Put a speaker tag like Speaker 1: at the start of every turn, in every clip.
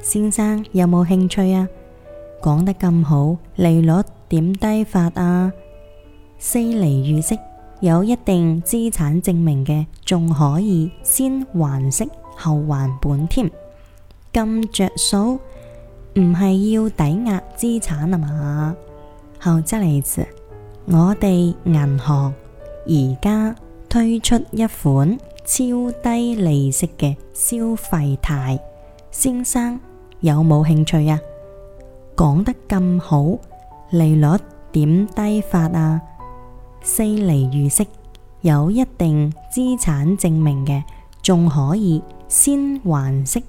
Speaker 1: 先生有冇興趣啊？講得咁好，利率點低法啊？四厘月息，有一定資產證明嘅，仲可以先還息後還本添，咁着數，唔係要抵押資產啊嘛？後即嚟，就是、我哋銀行而家推出一款超低利息嘅消費貸，先生。有冇興趣啊？講得咁好，利率點低法啊？四厘月息，有一定資產證明嘅，仲可以先還息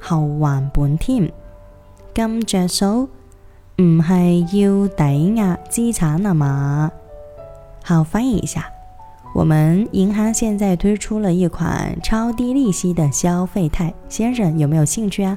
Speaker 1: 後還本添，咁着數唔係要抵押資產啊嘛？好，翻譯一下，我們銀行現在推出了一款超低利息的消費貸，先生有沒有興趣啊？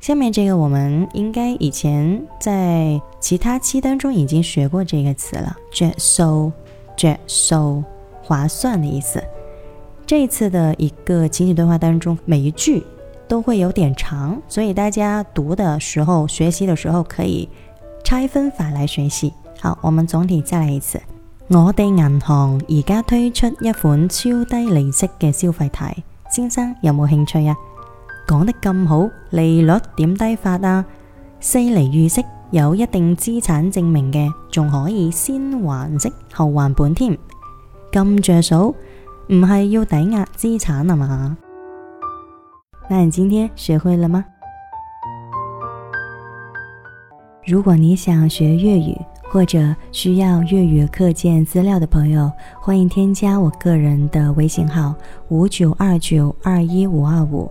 Speaker 1: 下面這個我們應該以前在其他期當中已經學過這個詞了，着數、着數，劃算的意思。這一次的一個情景對話當中，每一句都會有點長，所以大家讀的時候、學習的時候可以拆分法來學習。好，我們總體再來一次。我哋銀行而家推出一款超低利息嘅消費貸，先生有冇興趣啊？講得咁好，利率點低法啊？四厘月息，有一定資產證明嘅，仲可以先還息後還本添。咁着數，唔係要抵押資產啊嘛？那你今天學會了嗎？如果你想學粵語或者需要粵語課件資料的朋友，歡迎添加我個人的微信號五九二九二一五二五。